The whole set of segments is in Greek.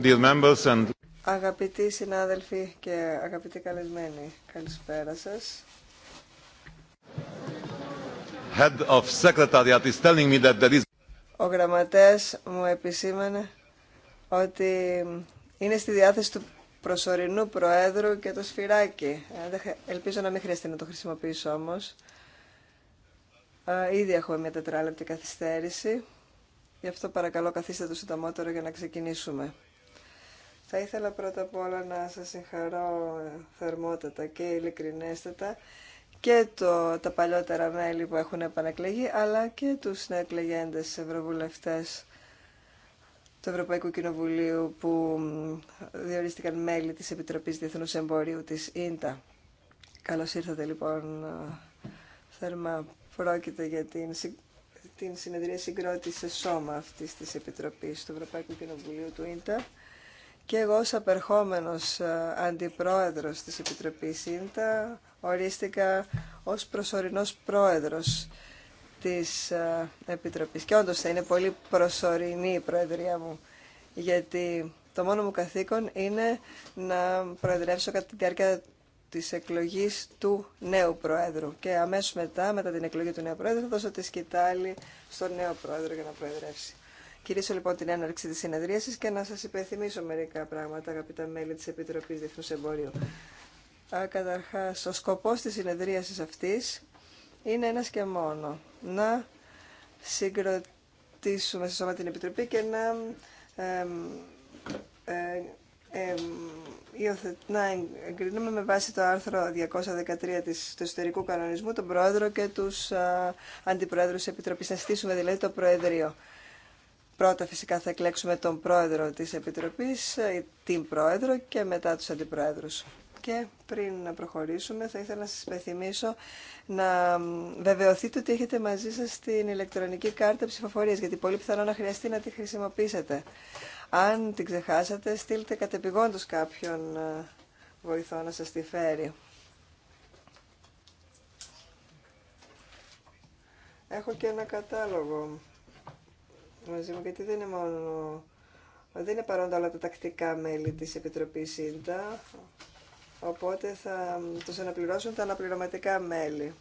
Dear members and... Αγαπητοί συνάδελφοι και αγαπητοί καλεσμένοι, καλησπέρα σας. Head of Secretariat is telling me that there is... Ο γραμματέας μου επισήμανε ότι είναι στη διάθεση του προσωρινού προέδρου και το σφυράκι. Ε, ελπίζω να μην χρειαστεί να το χρησιμοποιήσω όμως. Ε, ήδη έχουμε μια τετράλεπτη καθυστέρηση. Γι' αυτό παρακαλώ καθίστε το συντομότερο για να ξεκινήσουμε. Θα ήθελα πρώτα απ' όλα να σας συγχαρώ θερμότατα και ειλικρινέστατα και το, τα παλιότερα μέλη που έχουν επανακλεγεί, αλλά και τους νεοεκλεγέντες ευρωβουλευτές του Ευρωπαϊκού Κοινοβουλίου που διορίστηκαν μέλη της Επιτροπής Διεθνούς Εμπορίου της ΙΝΤΑ. Καλώς ήρθατε λοιπόν θερμά. Πρόκειται για την, την συνεδρία συγκρότηση σώμα αυτής της Επιτροπής του Ευρωπαϊκού Κοινοβουλίου του ΙΝΤΑ και εγώ ως απερχόμενος ε, αντιπρόεδρος της Επιτροπής ΣΥΝΤΑ ορίστηκα ως προσωρινός πρόεδρος της ε, Επιτροπής. Και όντως θα είναι πολύ προσωρινή η προεδρία μου, γιατί το μόνο μου καθήκον είναι να προεδρεύσω κατά τη διάρκεια της εκλογής του νέου Προέδρου. Και αμέσως μετά, μετά την εκλογή του νέου Προέδρου, θα δώσω τη σκητάλη στον νέο Πρόεδρο για να προεδρεύσει. Κυρίσω λοιπόν την έναρξη της συνεδρίασης και να σας υπενθυμίσω μερικά πράγματα, αγαπητά μέλη της Επιτροπής Διεθνούς Εμπορίου. Καταρχάς, ο σκοπός της συνεδρίασης αυτής είναι ένας και μόνο. Να συγκροτήσουμε σε σώμα την Επιτροπή και να, ε, εγκρίνουμε με βάση το άρθρο 213 της, του εσωτερικού κανονισμού τον Πρόεδρο και τους α, Αντιπρόεδρους της Να στήσουμε δηλαδή το Προεδρείο. Πρώτα φυσικά θα εκλέξουμε τον πρόεδρο της Επιτροπής, ε, την πρόεδρο και μετά τους αντιπρόεδρους. Και πριν να προχωρήσουμε θα ήθελα να σας υπενθυμίσω να βεβαιωθείτε ότι έχετε μαζί σας την ηλεκτρονική κάρτα ψηφοφορίας γιατί πολύ πιθανό να χρειαστεί να τη χρησιμοποιήσετε. Αν την ξεχάσατε στείλτε κατεπηγόντως κάποιον ε, βοηθό να σας τη φέρει. Έχω και ένα κατάλογο μαζί μου, γιατί δεν είναι μόνο... Δεν είναι παρόντα όλα τα τακτικά μέλη της Επιτροπής ΣΥΝΤΑ, οπότε θα τους αναπληρώσουν τα αναπληρωματικά μέλη.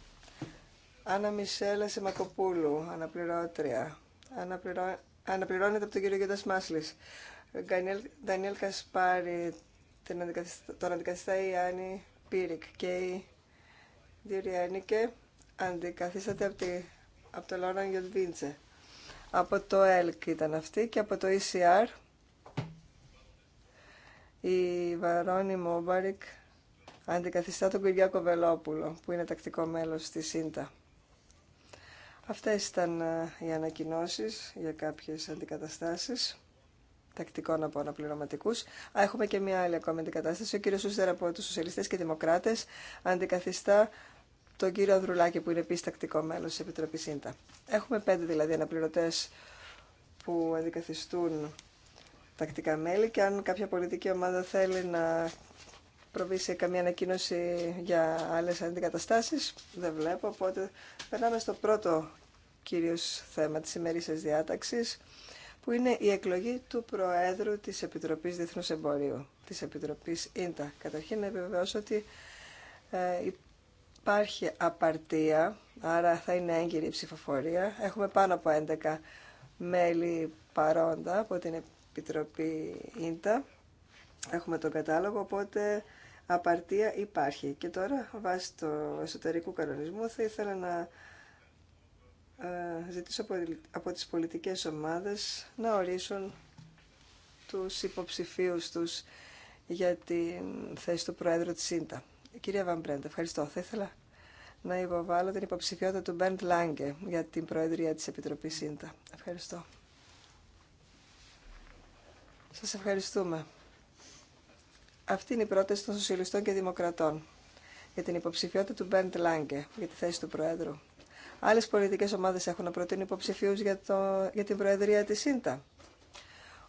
Άννα Μισέλα Σιμακοπούλου, αναπληρώτρια. Αναπληρώ... Αναπληρώνεται από τον κύριο Γιώτας Μάσλης. Δανιέλ Κασπάρη, τον αντικαθιστά, τον αντικαθιστά η Άννη Πύρικ και η Διουριάνικε αντικαθίσταται από, τη... από τον Λόραν Γιοντβίντσε. Από το ΕΛΚ ήταν αυτή και από το ECR η Βαρόνη Μόμπαρικ αντικαθιστά τον Κυριάκο Βελόπουλο που είναι τακτικό μέλος της ΣΥΝΤΑ. Αυτές ήταν ε, οι ανακοινώσεις για κάποιες αντικαταστάσεις τακτικών από Α Έχουμε και μια άλλη ακόμη αντικατάσταση. Ο κύριο Σούστερ από του και Δημοκράτε αντικαθιστά τον κύριο Ανδρουλάκη που είναι επίση τακτικό μέλος τη Επιτροπής Ίντα. Έχουμε πέντε δηλαδή αναπληρωτές που αντικαθιστούν τακτικά μέλη και αν κάποια πολιτική ομάδα θέλει να προβεί σε καμία ανακοίνωση για άλλες αντικαταστάσεις, δεν βλέπω, οπότε περνάμε στο πρώτο κύριο θέμα της ημερήσιας διάταξης, που είναι η εκλογή του Προέδρου της Επιτροπής Διεθνούς Εμπορίου, της Επιτροπής ΙΝΤΑ. Καταρχήν να επιβεβαιώσω ότι ε, υπάρχει απαρτία, άρα θα είναι έγκυρη η ψηφοφορία. Έχουμε πάνω από 11 μέλη παρόντα από την Επιτροπή Ίντα. Έχουμε τον κατάλογο, οπότε απαρτία υπάρχει. Και τώρα, βάσει του εσωτερικού κανονισμού, θα ήθελα να ε, ζητήσω από τις πολιτικές ομάδες να ορίσουν τους υποψηφίους τους για την θέση του Προέδρου της ΣΥΝΤΑ. Κυρία Βαμπρέντα, ευχαριστώ. Θα ήθελα να υποβάλω την υποψηφιότητα του Μπέντ Λάγκε για την Προεδρία της Επιτροπής ΣΥΝΤΑ. Ευχαριστώ. Σας ευχαριστούμε. Αυτή είναι η πρόταση των Σοσιαλιστών και Δημοκρατών για την υποψηφιότητα του Μπέντ Λάγκε για τη θέση του Προέδρου. Άλλες πολιτικές ομάδες έχουν να προτείνουν υποψηφίους για, το, για την Προεδρία της ΣΥΝΤΑ.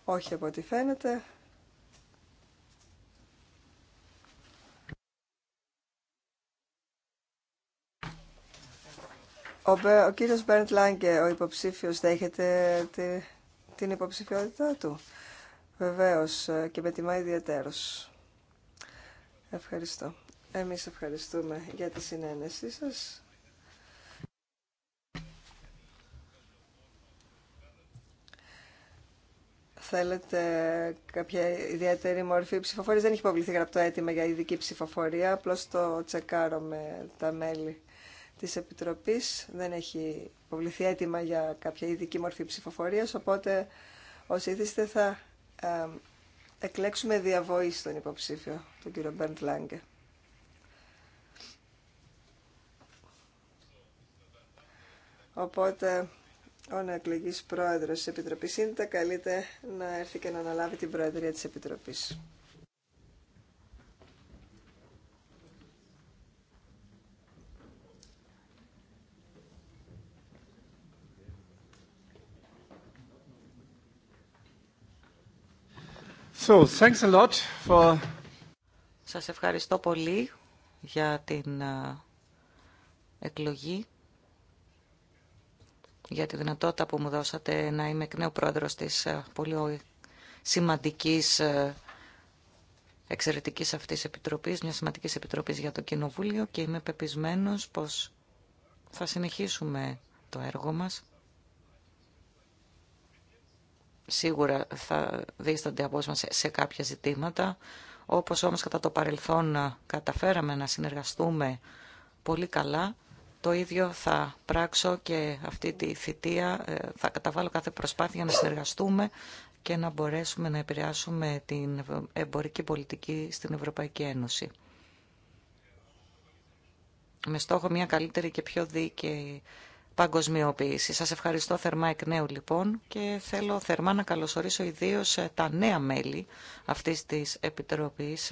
Όχι από ό,τι φαίνεται. Ο, ο κύριος Μπέρντ Λάγκε, ο υποψήφιος, δέχεται τη, την υποψηφιότητά του. Βεβαίως ε, και με τιμά ιδιαίτερο. Ευχαριστώ. Εμείς ευχαριστούμε για τη συνένεσή σας. θέλετε κάποια ιδιαίτερη μορφή ψηφοφορίας. Δεν έχει υποβληθεί γραπτό αίτημα για ειδική ψηφοφορία, απλώς το τσεκάρω με τα μέλη της Επιτροπής δεν έχει υποβληθεί έτοιμα για κάποια ειδική μορφή ψηφοφορίας, οπότε ως ήθιστε θα εκλέξουμε διαβοή στον υποψήφιο, τον κύριο Μπέρντ Λάγκε. Οπότε ο νεοεκλεγής πρόεδρος της Επιτροπής Σύντα καλείται να έρθει και να αναλάβει την Προεδρία της Επιτροπής. So, Σας ευχαριστώ πολύ για την ε, εκλογή, για τη δυνατότητα που μου δώσατε να είμαι εκ νέου πρόεδρος της ε, πολύ σημαντικής ε, εξαιρετικής αυτής επιτροπής, μια σημαντικής επιτροπής για το Κοινοβούλιο και είμαι πεπισμένος πως θα συνεχίσουμε το έργο μας σίγουρα θα δίστανται απόσμα σε κάποια ζητήματα. Όπως όμως κατά το παρελθόν καταφέραμε να συνεργαστούμε πολύ καλά, το ίδιο θα πράξω και αυτή τη θητεία. Ε, θα καταβάλω κάθε προσπάθεια να συνεργαστούμε και να μπορέσουμε να επηρεάσουμε την εμπορική πολιτική στην Ευρωπαϊκή Ένωση. Με στόχο μια καλύτερη και πιο δίκαιη παγκοσμιοποίηση. Σας ευχαριστώ θερμά εκ νέου λοιπόν και θέλω θερμά να καλωσορίσω ιδίως ε, τα νέα μέλη αυτής της Επιτροπής.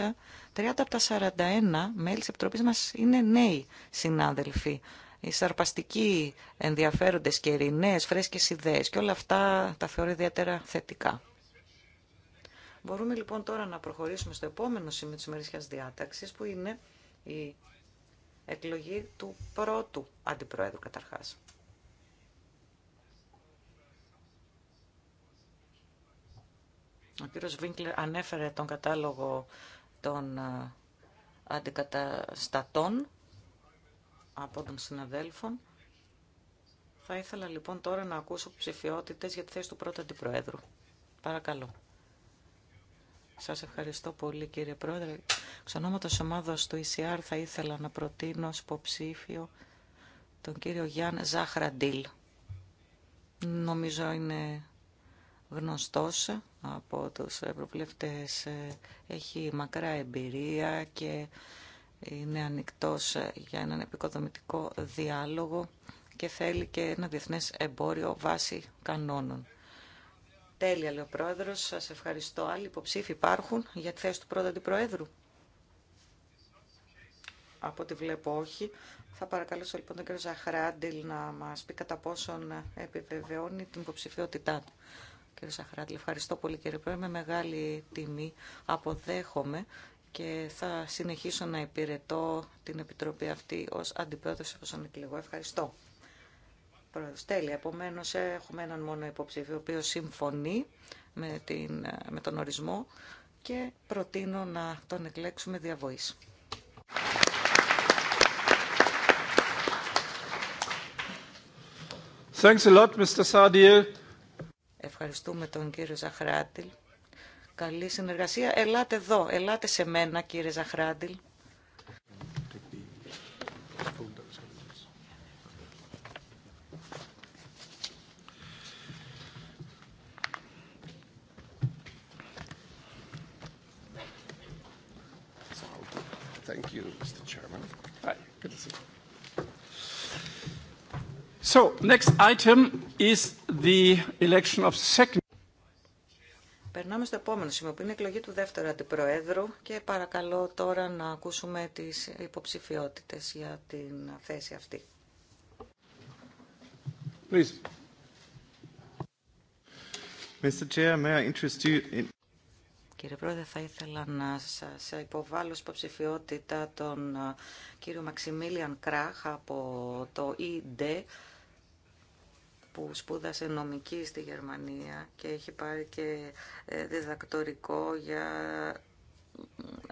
30 από τα 41 μέλη της Επιτροπής μας είναι νέοι συνάδελφοι. Οι σαρπαστικοί ενδιαφέροντες και νέες φρέσκες ιδέες και όλα αυτά τα θεωρώ ιδιαίτερα θετικά. Μπορούμε λοιπόν τώρα να προχωρήσουμε στο επόμενο σημείο της ημερήσιας διάταξης που είναι η εκλογή του πρώτου αντιπρόεδρου καταρχάς. Ο κύριος Βίνκλερ ανέφερε τον κατάλογο των ε, αντικαταστατών από των συναδέλφων. Θα ήθελα λοιπόν τώρα να ακούσω ψηφιότητε για τη θέση του πρώτου αντιπροέδρου. Παρακαλώ. Σα ευχαριστώ πολύ κύριε Πρόεδρε. Ξανόματο ομάδος ομάδα του ECR θα ήθελα να προτείνω ω υποψήφιο τον κύριο Γιάνν Ζάχραντιλ. Νομίζω είναι γνωστός από τους ευρωβουλευτές. Ε, έχει μακρά εμπειρία και είναι ανοιχτός ε, για έναν επικοδομητικό διάλογο και θέλει και ένα διεθνές εμπόριο βάση κανόνων. Τέλεια, λέει ο Πρόεδρος. Σας ευχαριστώ. Άλλοι υποψήφοι υπάρχουν για τη θέση του πρώτου αντιπροέδρου. Από ό,τι βλέπω όχι. Θα παρακαλέσω λοιπόν τον κ. Ζαχράντιλ να μας πει κατά πόσον επιβεβαιώνει την υποψηφιότητά του κύριε Σαχράτλη. Ευχαριστώ πολύ κύριε Πρόεδρε. Με μεγάλη τιμή αποδέχομαι και θα συνεχίσω να υπηρετώ την Επιτροπή αυτή ως αντιπρόεδρος εφόσον εκλεγώ. Ευχαριστώ. Πρόεδρος, τέλεια. Επομένως έχουμε έναν μόνο υποψήφιο ο οποίο συμφωνεί με, την, με τον ορισμό και προτείνω να τον εκλέξουμε διαβοής. Thanks a lot, Mr. Sadiel. Ευχαριστούμε τον κύριο Ζαχράντιλ. Καλή συνεργασία. Ελάτε εδώ, ελάτε σε μένα κύριε Ζαχράντιλ. Thank you, Mr. Chairman. Hi, good So, next item is Περνάμε στο επόμενο σημείο που είναι η εκλογή του δεύτερου αντιπροέδρου και παρακαλώ τώρα να ακούσουμε τις υποψηφιότητες για την θέση αυτή. Mr. Chair, may I interest you in... Κύριε Πρόεδρε, θα ήθελα να σας υποβάλω στην υποψηφιότητα τον κύριο Μαξιμίλιαν Κράχ από το ΙΔ, e που σπούδασε νομική στη Γερμανία και έχει πάρει και ε, διδακτορικό για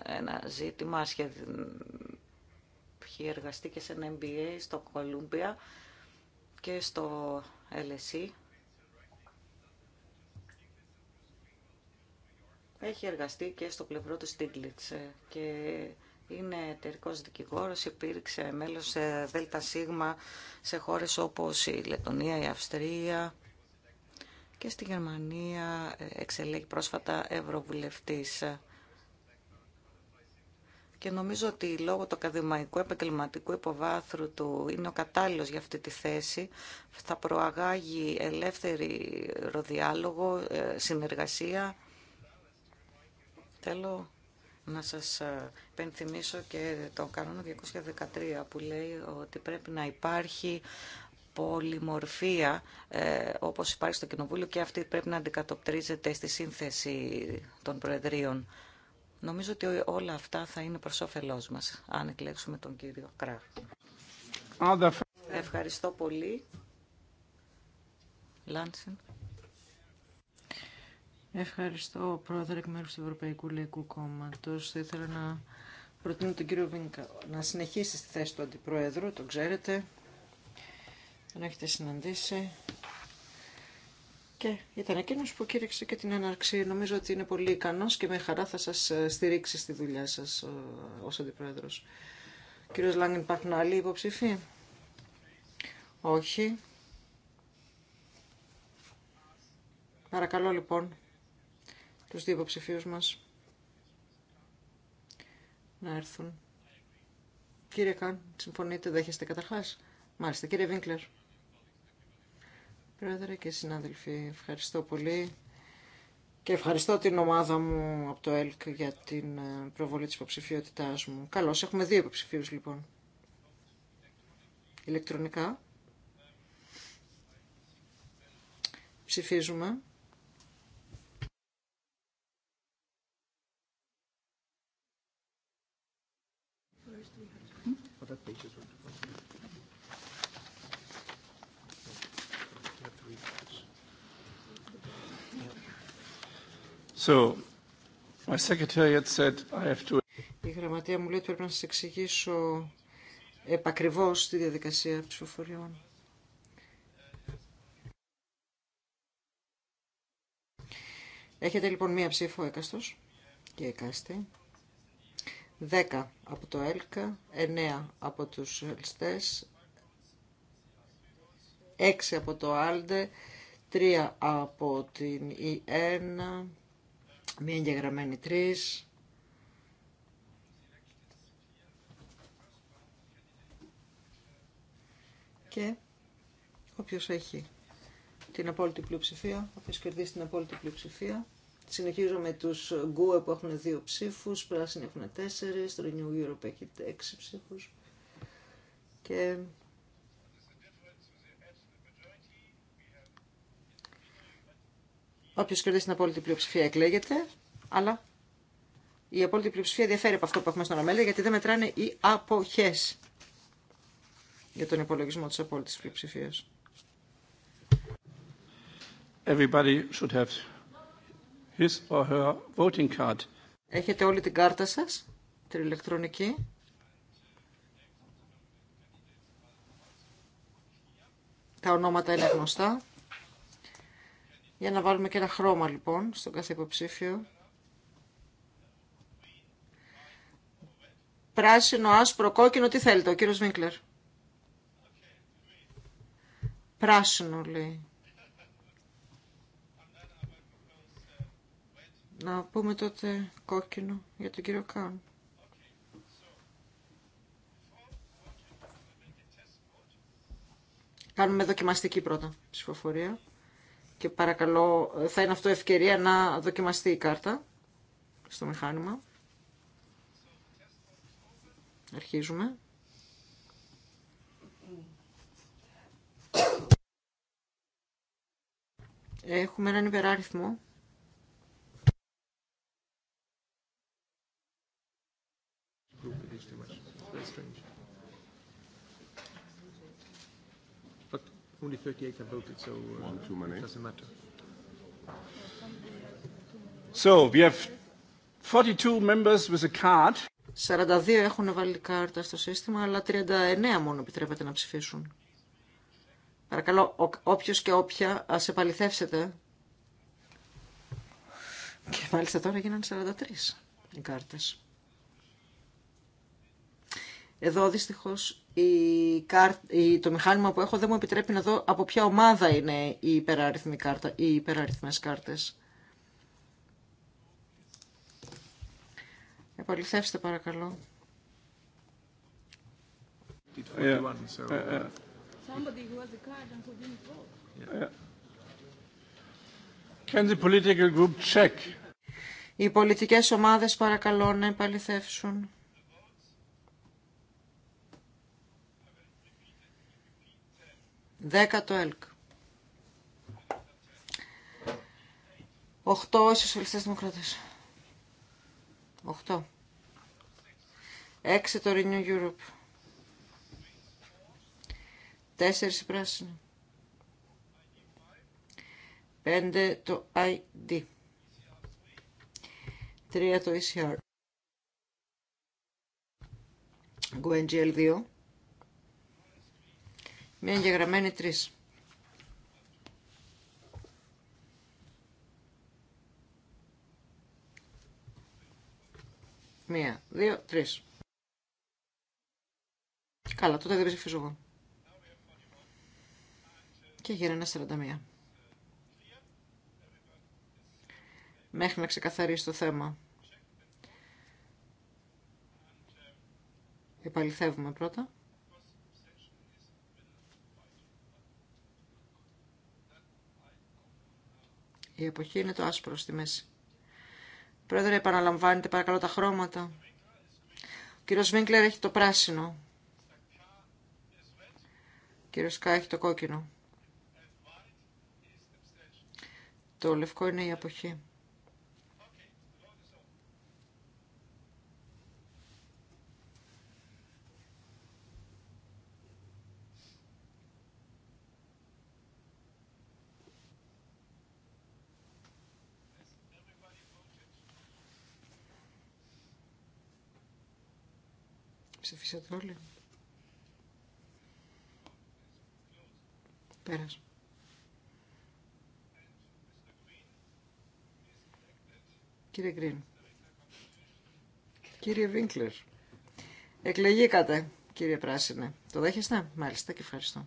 ε, ένα ζήτημα έχει εργαστεί και σε ένα MBA στο Κολούμπια και στο LSE. Έχει εργαστεί και στο πλευρό του Στίγκλιτς ε, και είναι εταιρικό δικηγόρο, υπήρξε μέλο ΔΣ σε χώρε όπω η Λετωνία, η Αυστρία και στη Γερμανία ε, εξελέγει πρόσφατα Ευρωβουλευτής. Και νομίζω ότι λόγω του ακαδημαϊκού επαγγελματικού υποβάθρου του είναι ο κατάλληλο για αυτή τη θέση. Θα προαγάγει ελεύθερη ροδιάλογο, ε, συνεργασία. Θέλω να σας ε, πενθυμίσω και τον κανόνα 213 που λέει ότι πρέπει να υπάρχει πολυμορφία ε, όπως υπάρχει στο Κοινοβούλιο και αυτή πρέπει να αντικατοπτρίζεται στη σύνθεση των Προεδρίων. Νομίζω ότι όλα αυτά θα είναι προς όφελός μας, αν εκλέξουμε τον κύριο Κρά. Ευχαριστώ πολύ. Ευχαριστώ, Πρόεδρε, εκ μέρου του Ευρωπαϊκού Λαϊκού Κόμματος. Θα ήθελα να προτείνω τον κύριο Βίνκα να συνεχίσει στη θέση του Αντιπρόεδρου, τον ξέρετε. Τον έχετε συναντήσει. Και ήταν εκείνο που κήρυξε και την έναρξη. Νομίζω ότι είναι πολύ ικανό και με χαρά θα σα ε, στηρίξει στη δουλειά σα ε, ω αντιπρόεδρο. Κύριο Λάγκεν, υπάρχουν άλλοι υποψήφοι. Όχι. Παρακαλώ λοιπόν τους δύο υποψηφίους μας να έρθουν. Κύριε Καν, συμφωνείτε, δέχεστε καταρχάς. Μάλιστα, κύριε Βίνκλερ. Πρόεδρε και συνάδελφοι, ευχαριστώ πολύ και ευχαριστώ την ομάδα μου από το ΕΛΚ για την ε, προβολή της υποψηφιότητά μου. Καλώς, έχουμε δύο υποψηφίου λοιπόν. Ηλεκτρονικά. Ψηφίζουμε. So, my secretariat said I have to... Η γραμματεία μου λέει ότι πρέπει να σας εξηγήσω επακριβώς τη διαδικασία ψηφοφοριών. Έχετε λοιπόν μία ψήφο έκαστος και εκάστη. 10 από το ΕΛΚΑ, 9 από τους ΕΛΣΤΕΣ, 6 από το ΑΛΔΕ, 3 από την 1, μία εγγεγραμμένη 3, και όποιος έχει την απόλυτη πλειοψηφία, όποιος κερδίσει την απόλυτη πλειοψηφία, Συνεχίζω με τους Γκουε που έχουν δύο ψήφους, πράσινοι έχουν τέσσερις, το Renew Europe έχει έξι ψήφους. Και... Όποιο κερδίσει την απόλυτη πλειοψηφία εκλέγεται, αλλά η απόλυτη πλειοψηφία διαφέρει από αυτό που έχουμε στον Αμέλεια, γιατί δεν μετράνε οι αποχές για τον υπολογισμό της απόλυτης πλειοψηφίας. Everybody should have Έχετε όλη την κάρτα σας, την ηλεκτρονική. Τα ονόματα είναι γνωστά. Για να βάλουμε και ένα χρώμα λοιπόν στον κάθε υποψήφιο. Πράσινο, άσπρο, κόκκινο, τι θέλετε, ο κύριος Βίνκλερ. Πράσινο λέει. Να πούμε τότε κόκκινο για τον κύριο Καν. Κάνουμε δοκιμαστική πρώτα ψηφοφορία και παρακαλώ θα είναι αυτό ευκαιρία να δοκιμαστεί η κάρτα στο μηχάνημα. Αρχίζουμε. Έχουμε έναν υπεράριθμο strange. But only 38 have voted, so uh, One too many. it doesn't matter. So we have 42 members with a card. 42 έχουν βάλει κάρτα στο σύστημα, αλλά 39 μόνο επιτρέπεται να ψηφίσουν. Παρακαλώ, όποιος και όποια, ας επαληθεύσετε. Και μάλιστα τώρα γίνανε 43 οι κάρτες. Εδώ δυστυχώς το μηχάνημα που έχω δεν μου επιτρέπει να δω από ποια ομάδα είναι η κάρτα, οι υπεραριθμές κάρτες. Επαληθεύστε παρακαλώ. Οι πολιτικές ομάδες παρακαλώ να επαληθεύσουν. 10 το ΕΛΚ. 8 οι σοσιαλιστές δημοκρατές. 8. 6 το Renew Europe. 4 οι πράσινοι. 5 το ID. 3 το ECR. GUNGL 2. Μία εγγεγραμμένη τρεις. Μία, δύο, τρεις. Καλά, τότε δεν ψηφίζω εγώ. Και γύρω ένα 41. Μέχρι να ξεκαθαρίσει το θέμα. Επαληθεύουμε πρώτα. Η εποχή είναι το άσπρο στη μέση. Πρόεδρε, επαναλαμβάνετε παρακαλώ τα χρώματα. Ο κύριος Βίγκλερ έχει το πράσινο. Ο κύριος Κά έχει το κόκκινο. Το λευκό είναι η εποχή. Ψηφίσατε όλοι. Πέρας. Κύριε Γκριν. Κύριε Βίνκλερ. Εκλεγήκατε, κύριε Πράσινε. Το δέχεστε, μάλιστα και ευχαριστώ.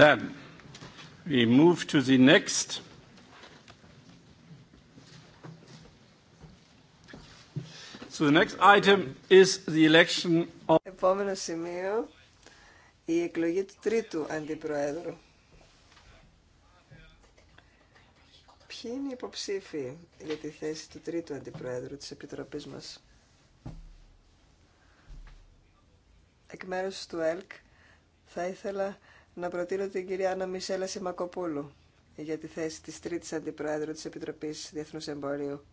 Then Επόμενο σημείο, η εκλογή του τρίτου αντιπροέδρου. Ποιοι είναι οι υποψήφοι για τη θέση του τρίτου αντιπροέδρου της Επιτροπής μας. Εκ μέρους του ΕΛΚ θα ήθελα να προτείνω την κυρία Άννα Μισέλα Σιμακοπούλου για τη θέση της τρίτης αντιπρόεδρου της Επιτροπής Διεθνούς Εμπορίου.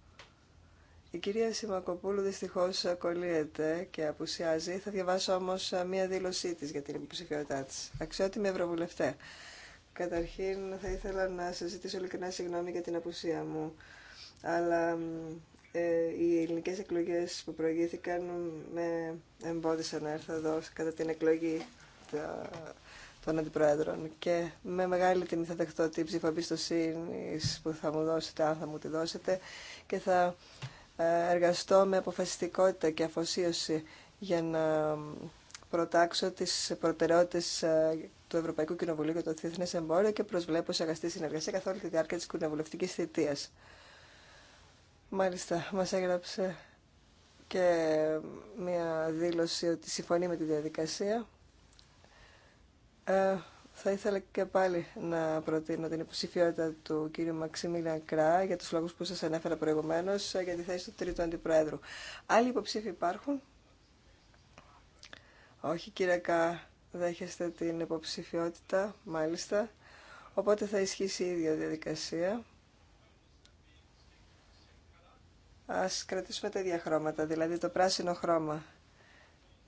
Η κυρία Σιμακοπούλου δυστυχώς ακολύεται και απουσιάζει. Θα διαβάσω όμως μία δήλωσή της για την υποψηφιότητά της. Αξιότιμη Ευρωβουλευτέ. Καταρχήν θα ήθελα να σα ζητήσω ειλικρινά συγγνώμη για την απουσία μου. Αλλά ε, οι ελληνικέ εκλογέ που προηγήθηκαν με εμπόδισαν να έρθω εδώ κατά την εκλογή των αντιπροέδρων και με μεγάλη τιμή θα δεχτώ την ψήφα εμπιστοσύνη που θα μου δώσετε, αν θα μου τη δώσετε και θα ε, εργαστώ με αποφασιστικότητα και αφοσίωση για να προτάξω τις προτεραιότητες ε, του Ευρωπαϊκού Κοινοβουλίου για το Διεθνές Εμπόριο και προσβλέπω σε αγαστή συνεργασία καθ' όλη τη διάρκεια της κοινοβουλευτικής θητείας. Μάλιστα, μας έγραψε και μια δήλωση ότι συμφωνεί με τη διαδικασία. Ε, θα ήθελα και πάλι να προτείνω την υποψηφιότητα του κύριου Μαξίμιλιαν Κρά για τους λόγους που σας ανέφερα προηγουμένως ε, για τη θέση του τρίτου αντιπρόεδρου. Άλλοι υποψήφοι υπάρχουν. Όχι κύριε Κά, δέχεστε την υποψηφιότητα, μάλιστα. Οπότε θα ισχύσει η ίδια διαδικασία. Ας κρατήσουμε τα ίδια χρώματα, δηλαδή το πράσινο χρώμα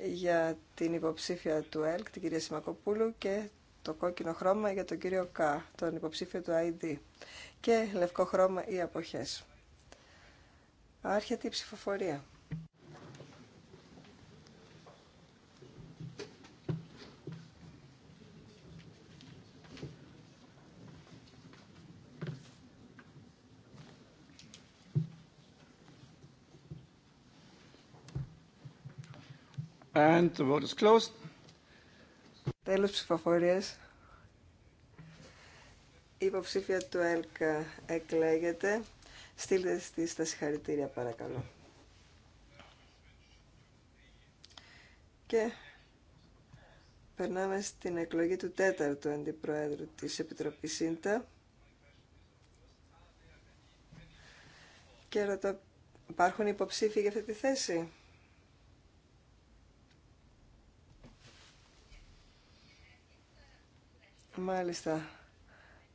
για την υποψήφια του ΕΛΚ, την κυρία Σημακοπούλου, και το κόκκινο χρώμα για τον κύριο Κα, τον υποψήφιο του ID, και λευκό χρώμα ή αποχές. Άρχεται οι ψηφοφορία. And the Τέλος Η υποψήφια του ΕΛΚ εκλέγεται. Στείλτε στις τα συγχαρητήρια παρακαλώ. Και περνάμε στην εκλογή του τέταρτου αντιπροέδρου της Επιτροπής ΣΥΝΤΑ. Και ρωτώ, υπάρχουν υποψήφοι για αυτή τη θέση. Μάλιστα.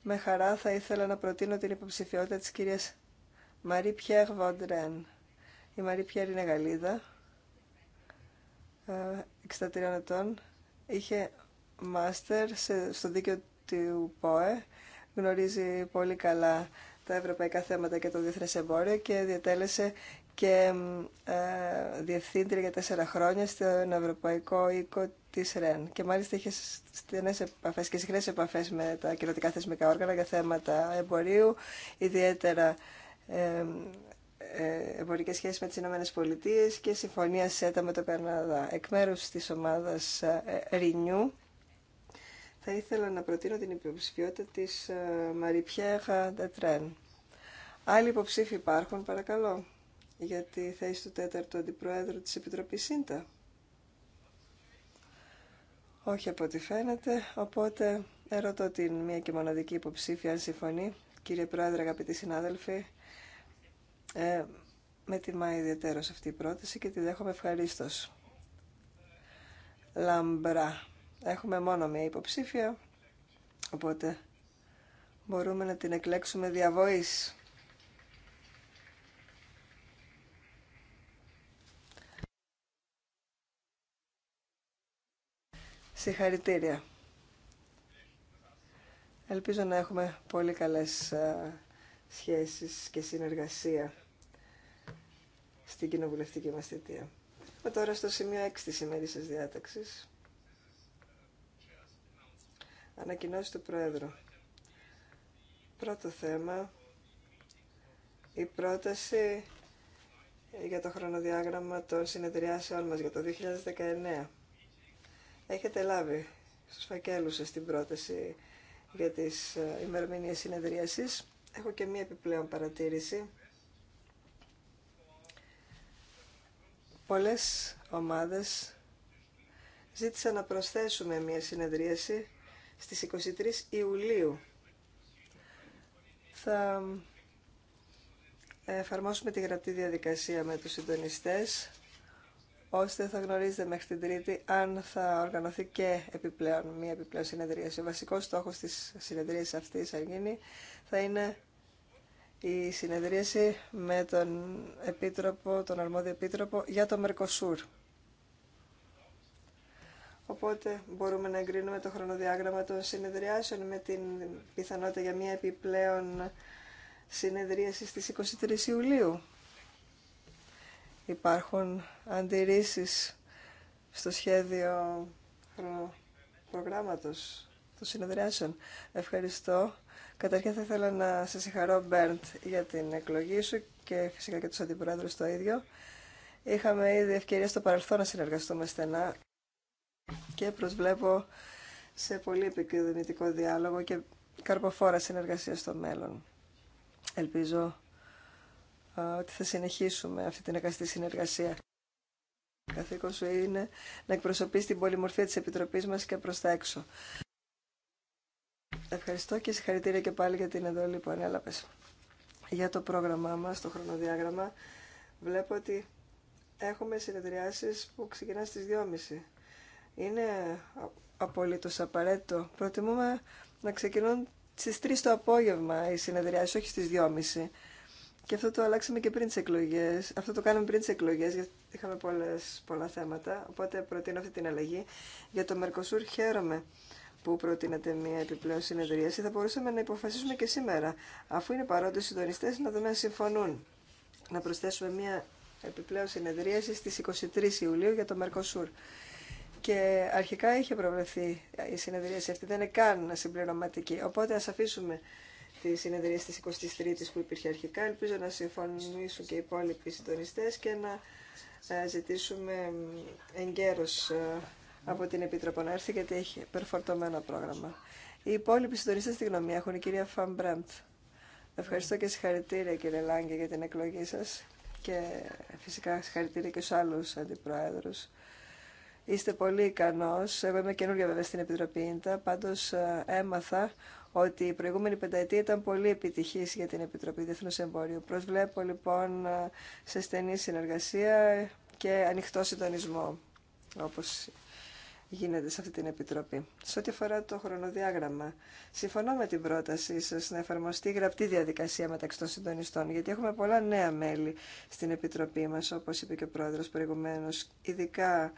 Με χαρά θα ήθελα να προτείνω την υποψηφιότητα της κυρίας Μαρή Πιέρ Βοντρέν. Η Μαρή Πιέρ είναι Γαλλίδα, 63 ε, ετών. Είχε μάστερ στο δίκαιο του ΠΟΕ. Γνωρίζει πολύ καλά τα ευρωπαϊκά θέματα και το διεθνές εμπόριο και διατέλεσε και ε, διευθύντρια για τέσσερα χρόνια στον Ευρωπαϊκό Οίκο τη ΡΕΝ και μάλιστα είχε στενέ επαφέ και συχνέ επαφέ με τα κοινοτικά θεσμικά όργανα για θέματα εμπορίου, ιδιαίτερα ε, εμπορικές σχέσεις με τι Ηνωμένες Πολιτείες και συμφωνία ΣΕΤΑ με το Καναδά. Εκ μέρου της ομάδας ε, Renew θα ήθελα να προτείνω την υποψηφιότητα της ε, Μαριπιέχα Ντατρέν. Άλλοι υποψήφοι υπάρχουν, παρακαλώ, για τη θέση του τέταρτου αντιπροέδρου τη Επιτροπή ΣΥΝΤΑ. Όχι από ό,τι φαίνεται, οπότε ερωτώ την μία και μοναδική υποψήφια αν συμφωνεί. Κύριε Πρόεδρε, αγαπητοί συνάδελφοι, ε, με τιμά ιδιαίτερο αυτή η πρόταση και τη δέχομαι ευχαρίστω. Λαμπρά. Έχουμε μόνο μία υποψήφια, οπότε μπορούμε να την εκλέξουμε διαβοής. Συγχαρητήρια. Ελπίζω να έχουμε πολύ καλές ε, σχέσεις και συνεργασία στην κοινοβουλευτική μας θητεία. Είμαι τώρα στο σημείο 6 της της διάταξης. Ανακοινώσει του Πρόεδρου. Πρώτο θέμα, η πρόταση για το χρονοδιάγραμμα των συνεδριάσεων μας για το 2019 έχετε λάβει στους φακέλους σας την πρόταση για τις ε, ημερομηνίες συνεδρίασης. Έχω και μία επιπλέον παρατήρηση. Πολλές ομάδες ζήτησαν να προσθέσουμε μία συνεδρίαση στις 23 Ιουλίου. Θα εφαρμόσουμε τη γραπτή διαδικασία με τους συντονιστές ώστε θα γνωρίζετε μέχρι την Τρίτη αν θα οργανωθεί και επιπλέον μία επιπλέον συνεδρίαση. Ο βασικός στόχος της συνεδρίας αυτής, Αργίνη, θα είναι η συνεδρίαση με τον, επίτροπο, τον αρμόδιο επίτροπο για το Μερκοσούρ. Οπότε μπορούμε να εγκρίνουμε το χρονοδιάγραμμα των συνεδριάσεων με την πιθανότητα για μια επιπλέον συνεδρίαση στις 23 Ιουλίου. Υπάρχουν αντιρρήσεις στο σχέδιο προγράμματος των συνεδριάσεων. Ευχαριστώ. Καταρχήν θα ήθελα να σε συγχαρώ, Μπέρντ, για την εκλογή σου και φυσικά και τους αντιπρόεδρους το ίδιο. Είχαμε ήδη ευκαιρία στο παρελθόν να συνεργαστούμε στενά και προσβλέπω σε πολύ επικοινωνητικό διάλογο και καρποφόρα συνεργασία στο μέλλον. Ελπίζω ότι θα συνεχίσουμε αυτή την εργαστή συνεργασία. Καθήκον σου είναι να εκπροσωπείς την πολυμορφία της Επιτροπής μας και προς τα έξω. Ευχαριστώ και συγχαρητήρια και πάλι για την εντολή που ανέλαβες. Για το πρόγραμμά μας, το χρονοδιάγραμμα, βλέπω ότι έχουμε συνεδριάσεις που ξεκινά στις 2.30. Είναι απολύτως απαραίτητο. Προτιμούμε να ξεκινούν στις 3 το απόγευμα οι συνεδριάσεις, όχι στις 2.30 και αυτό το αλλάξαμε και πριν τι εκλογέ. Αυτό το κάναμε πριν τι εκλογέ, γιατί είχαμε πολλές, πολλά θέματα. Οπότε προτείνω αυτή την αλλαγή. Για το Μερκοσούρ χαίρομαι που προτείνατε μια επιπλέον συνεδρίαση. Θα μπορούσαμε να υποφασίσουμε και σήμερα, αφού είναι παρόντε οι συντονιστέ, να δούμε αν συμφωνούν. Να προσθέσουμε μια επιπλέον συνεδρίαση στι 23 Ιουλίου για το Μερκοσούρ. Και αρχικά είχε προβλεφθεί η συνεδρίαση αυτή, δεν είναι καν συμπληρωματική. Οπότε α αφήσουμε τη συνεδρία τη 23η που υπήρχε αρχικά. Ελπίζω να συμφωνήσουν και οι υπόλοιποι συντονιστέ και να ε, ζητήσουμε εγκαίρω ε, από την Επίτροπο να έρθει, γιατί έχει περφορτωμένο πρόγραμμα. Οι υπόλοιποι συντονιστέ τη γνώμη έχουν η κυρία Μπρέμπτ. Ευχαριστώ και συγχαρητήρια κύριε Λάγκη για την εκλογή σα και ε, φυσικά συγχαρητήρια και στου άλλου αντιπροέδρου. Είστε πολύ ικανό. Εγώ είμαι καινούργια βέβαια στην Επιτροπή Ιντα. Πάντω έμαθα ότι η προηγούμενη πενταετία ήταν πολύ επιτυχής για την Επιτροπή Διεθνούς Εμπορίου. Προσβλέπω λοιπόν σε στενή συνεργασία και ανοιχτό συντονισμό, όπως γίνεται σε αυτή την Επιτροπή. Σε ό,τι αφορά το χρονοδιάγραμμα, συμφωνώ με την πρότασή σα να εφαρμοστεί η γραπτή διαδικασία μεταξύ των συντονιστών, γιατί έχουμε πολλά νέα μέλη στην Επιτροπή μα, όπω είπε και ο Πρόεδρο προηγουμένω, ειδικά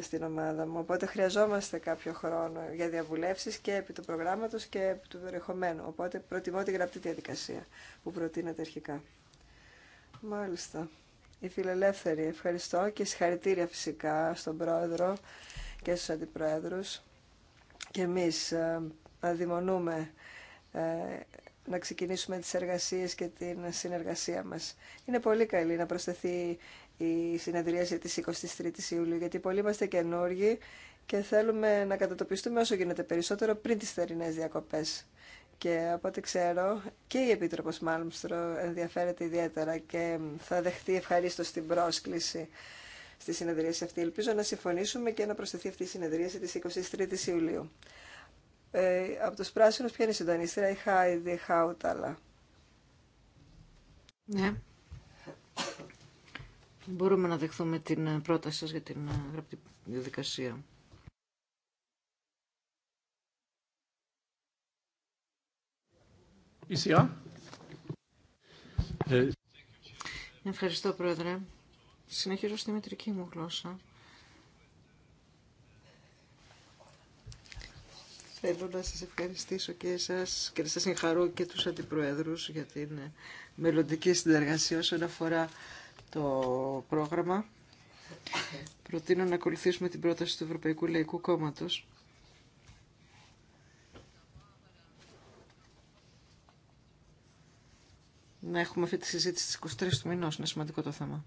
στην ομάδα μου. Οπότε χρειαζόμαστε κάποιο χρόνο για διαβουλεύσεις και επί του προγράμματος και επί του περιεχομένου. Οπότε προτιμώ τη γραπτή διαδικασία που προτείνατε αρχικά. Μάλιστα. Η φιλελεύθερη. Ευχαριστώ και συγχαρητήρια φυσικά στον πρόεδρο και στους αντιπρόεδρους. Και εμείς ε, αδειμονούμε ε, να ξεκινήσουμε τις εργασίες και την συνεργασία μας. Είναι πολύ καλή να προσθεθεί η συνεδρίαση της 23ης Ιουλίου, γιατί πολλοί είμαστε καινούργοι και θέλουμε να κατατοπιστούμε όσο γίνεται περισσότερο πριν τις θερινές διακοπές. Και από ό,τι ξέρω και η Επίτροπος Μάλμστρο ενδιαφέρεται ιδιαίτερα και θα δεχτεί ευχαρίστω την πρόσκληση στη συνεδρίαση αυτή. Ελπίζω να συμφωνήσουμε και να προσθεθεί αυτή η συνεδρίαση τη 23 η Ιουλίου. Ε, από τους πράσινους ποια είναι η συντονίστρια, η Χάιδη Χάουταλα. Ναι, Μπορούμε να δεχθούμε την ε, πρόταση σας για την ε, γραπτή διαδικασία. Ε, Ευχαριστώ, Πρόεδρε. Συνεχίζω στη μετρική μου γλώσσα. Θέλω να σας ευχαριστήσω και εσάς και να σας συγχαρώ και τους αντιπροέδρους για την μελλοντική συνεργασία όσον αφορά το πρόγραμμα. Προτείνω να ακολουθήσουμε την πρόταση του Ευρωπαϊκού Λαϊκού Κόμματος. Να έχουμε αυτή τη συζήτηση στις 23 του μηνός. Είναι σημαντικό το θέμα.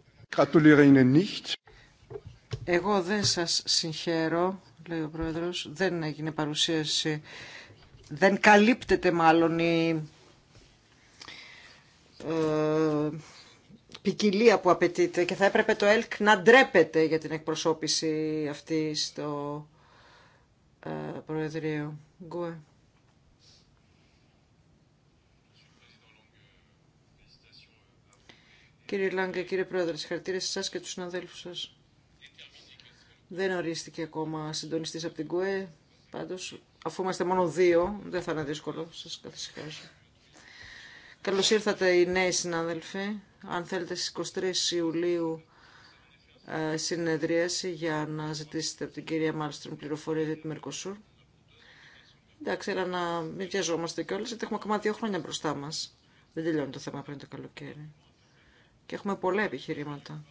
Εγώ δεν σας συγχαίρω, λέει ο Πρόεδρος. Δεν έγινε παρουσίαση. Δεν καλύπτεται μάλλον η... Ε, ποικιλία που απαιτείται και θα έπρεπε το ΕΛΚ να ντρέπεται για την εκπροσώπηση αυτή στο ε, Προεδρείο. Γκουε. Κύριε Λάγκα, κύριε Πρόεδρε, συγχαρητήρια σε εσά και του συναδέλφου σα. Δεν ορίστηκε ακόμα συντονιστή από την ΚΟΕ, Πάντω. αφού είμαστε μόνο δύο, δεν θα είναι δύσκολο, Σα καθησυχάζω. Καλώ ήρθατε οι νέοι συνάδελφοι αν θέλετε στις 23 Ιουλίου ε, συνεδρίαση για να ζητήσετε από την κυρία Μάλστρομ πληροφορία για τη Μερκοσούρ. Εντάξει, αλλά να μην βιαζόμαστε κιόλα, γιατί έχουμε ακόμα δύο χρόνια μπροστά μα. Δεν τελειώνει το θέμα πριν το καλοκαίρι. Και έχουμε πολλά επιχειρήματα.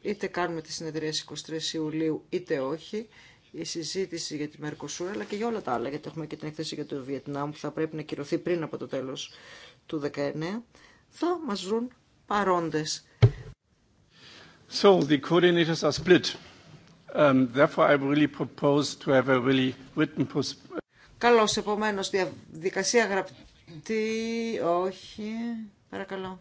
Είτε κάνουμε τη συνεδρία 23 Ιουλίου, είτε όχι. Η συζήτηση για τη Μερκοσούρ, αλλά και για όλα τα άλλα, γιατί έχουμε και την εκθέση για το Βιετνάμ που θα πρέπει να κυρωθεί πριν από το τέλο του 19. Θα μα βρουν παρόντες. So the coordinators are split. Um, therefore I really propose to have a really written Καλώς, επομένως, διαδικασία γραπτή, όχι, παρακαλώ.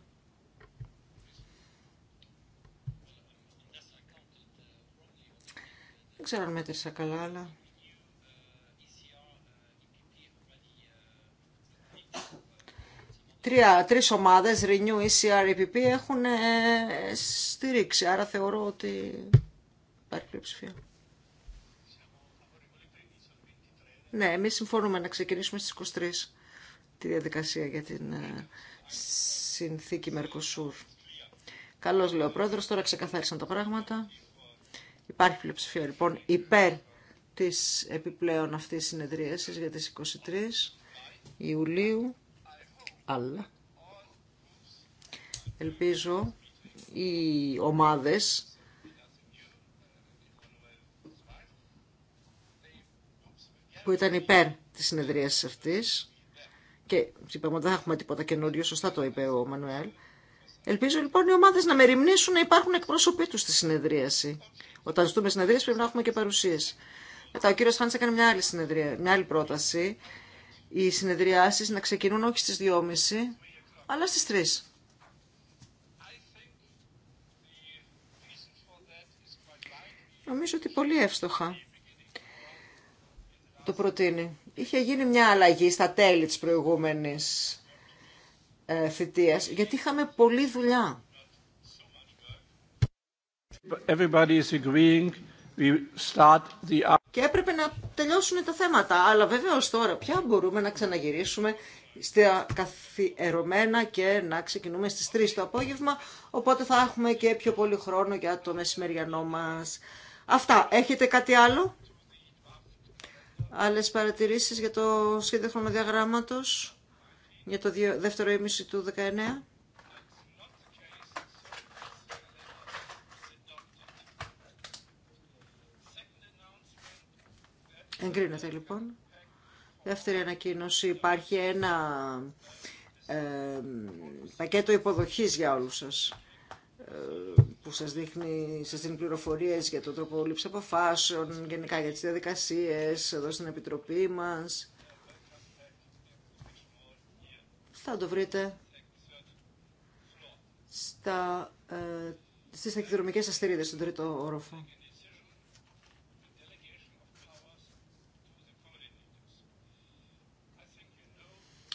Δεν ξέρω αν μέτρησα καλά, αλλά... τρία, τρεις ομάδες, Renew, ECR, EPP, έχουν ε, στηρίξει. Άρα θεωρώ ότι υπάρχει πλειοψηφία. Ναι, εμείς συμφωνούμε να ξεκινήσουμε στις 23 τη διαδικασία για την ε, συνθήκη Μερκοσούρ. Καλώς λέει ο πρόεδρος, τώρα ξεκαθάρισαν τα πράγματα. Υπάρχει πλειοψηφία λοιπόν υπέρ της επιπλέον αυτής συνεδρίασης για τις 23 Ιουλίου αλλά ελπίζω οι ομάδες που ήταν υπέρ της συνεδρίας αυτής και είπαμε ότι δεν θα έχουμε τίποτα καινούριο, σωστά το είπε ο Μανουέλ. Ελπίζω λοιπόν οι ομάδες να μεριμνήσουν να υπάρχουν εκπρόσωποι τους στη συνεδρίαση. Όταν ζητούμε συνεδρίαση πρέπει να έχουμε και παρουσίες. Μετά ο κύριος Φάνης έκανε μια άλλη, συνεδρία, μια άλλη πρόταση οι συνεδριάσεις να ξεκινούν όχι στις 2.30 αλλά στις 3. Νομίζω ότι πολύ εύστοχα το προτείνει. Είχε γίνει μια αλλαγή στα τέλη της προηγούμενης ε, θητείας, γιατί είχαμε πολλή δουλειά και έπρεπε να τελειώσουν τα θέματα. Αλλά βεβαίω τώρα πια μπορούμε να ξαναγυρίσουμε στα καθιερωμένα και να ξεκινούμε στις 3 το απόγευμα, οπότε θα έχουμε και πιο πολύ χρόνο για το μεσημεριανό μας. Αυτά. Έχετε κάτι άλλο? Άλλες παρατηρήσεις για το σχέδιο χρονοδιαγράμματος για το δεύτερο ήμιση του 19. Εγκρίνεται λοιπόν. Δεύτερη ανακοίνωση. Υπάρχει ένα ε, πακέτο υποδοχής για όλους σας ε, που σας δείχνει, σας δίνει πληροφορίες για τον τρόπο λήψη αποφάσεων, γενικά για τις διαδικασίες εδώ στην Επιτροπή μας. Θα το βρείτε στα, ε, στις εκδρομικές αστερίδες στον τρίτο όροφο.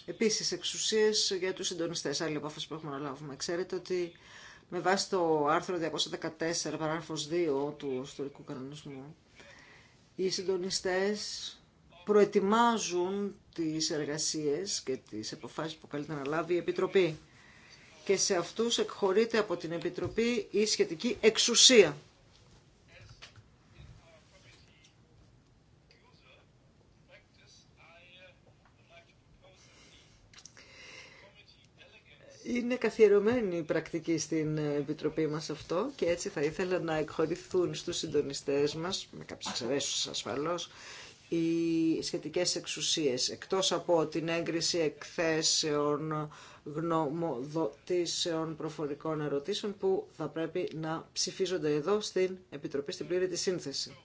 Επίση, εξουσίες για τους συντονιστέ, άλλη απόφαση που έχουμε να λάβουμε. Ξέρετε ότι με βάση το άρθρο 214, παράγραφο 2 του ιστορικού κανονισμού, οι συντονιστέ προετοιμάζουν τις εργασίες και τις αποφάσει που καλείται να λάβει η Επιτροπή. Και σε αυτούς εκχωρείται από την Επιτροπή η σχετική εξουσία. Είναι καθιερωμένη η πρακτική στην Επιτροπή μας αυτό και έτσι θα ήθελα να εκχωρηθούν στους συντονιστές μας, με κάποιες εξαιρέσεις ασφαλώς, οι σχετικές εξουσίες, εκτός από την έγκριση εκθέσεων, γνωμοδοτήσεων, προφορικών ερωτήσεων που θα πρέπει να ψηφίζονται εδώ στην Επιτροπή στην πλήρη τη σύνθεση.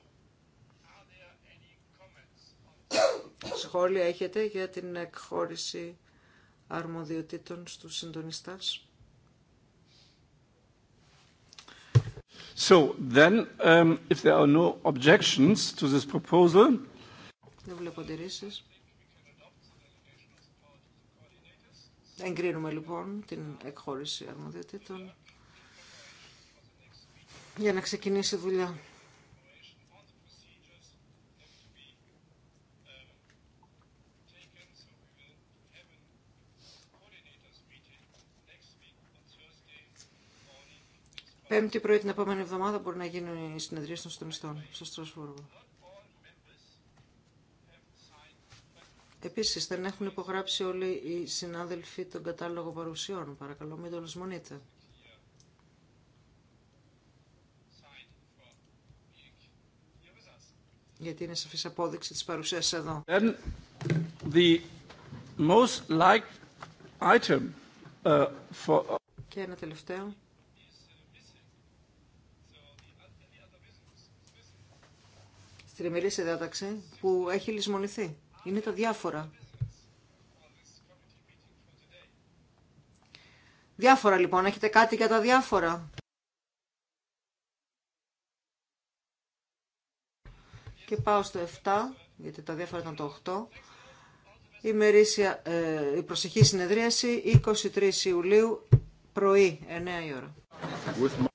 Σχόλια έχετε για την εκχώρηση αρμοδιοτήτων στους συντονιστές. So then, um, if there are no objections to this proposal, δεν βλέπω αντιρρήσεις. Εγκρίνουμε λοιπόν την εκχώρηση αρμοδιοτήτων για να ξεκινήσει η δουλειά. Πέμπτη πρωί την επόμενη εβδομάδα μπορεί να γίνουν η συνεδρία των συντονιστών στο Στρασβούργο. Επίση, δεν έχουν υπογράψει όλοι οι συνάδελφοι τον κατάλογο παρουσιών. Παρακαλώ, μην το λησμονείτε. Γιατί είναι σαφής απόδειξη της παρουσίας εδώ. the most liked item, uh, for... Και ένα τελευταίο. τριμερή σε διάταξη που έχει λησμονηθεί. Είναι τα διάφορα. Διάφορα λοιπόν. Έχετε κάτι για τα διάφορα. Και πάω στο 7, γιατί τα διάφορα ήταν το 8. Η, μερίσια, ε, η προσεχή συνεδρίαση 23 Ιουλίου πρωί, 9 η ώρα.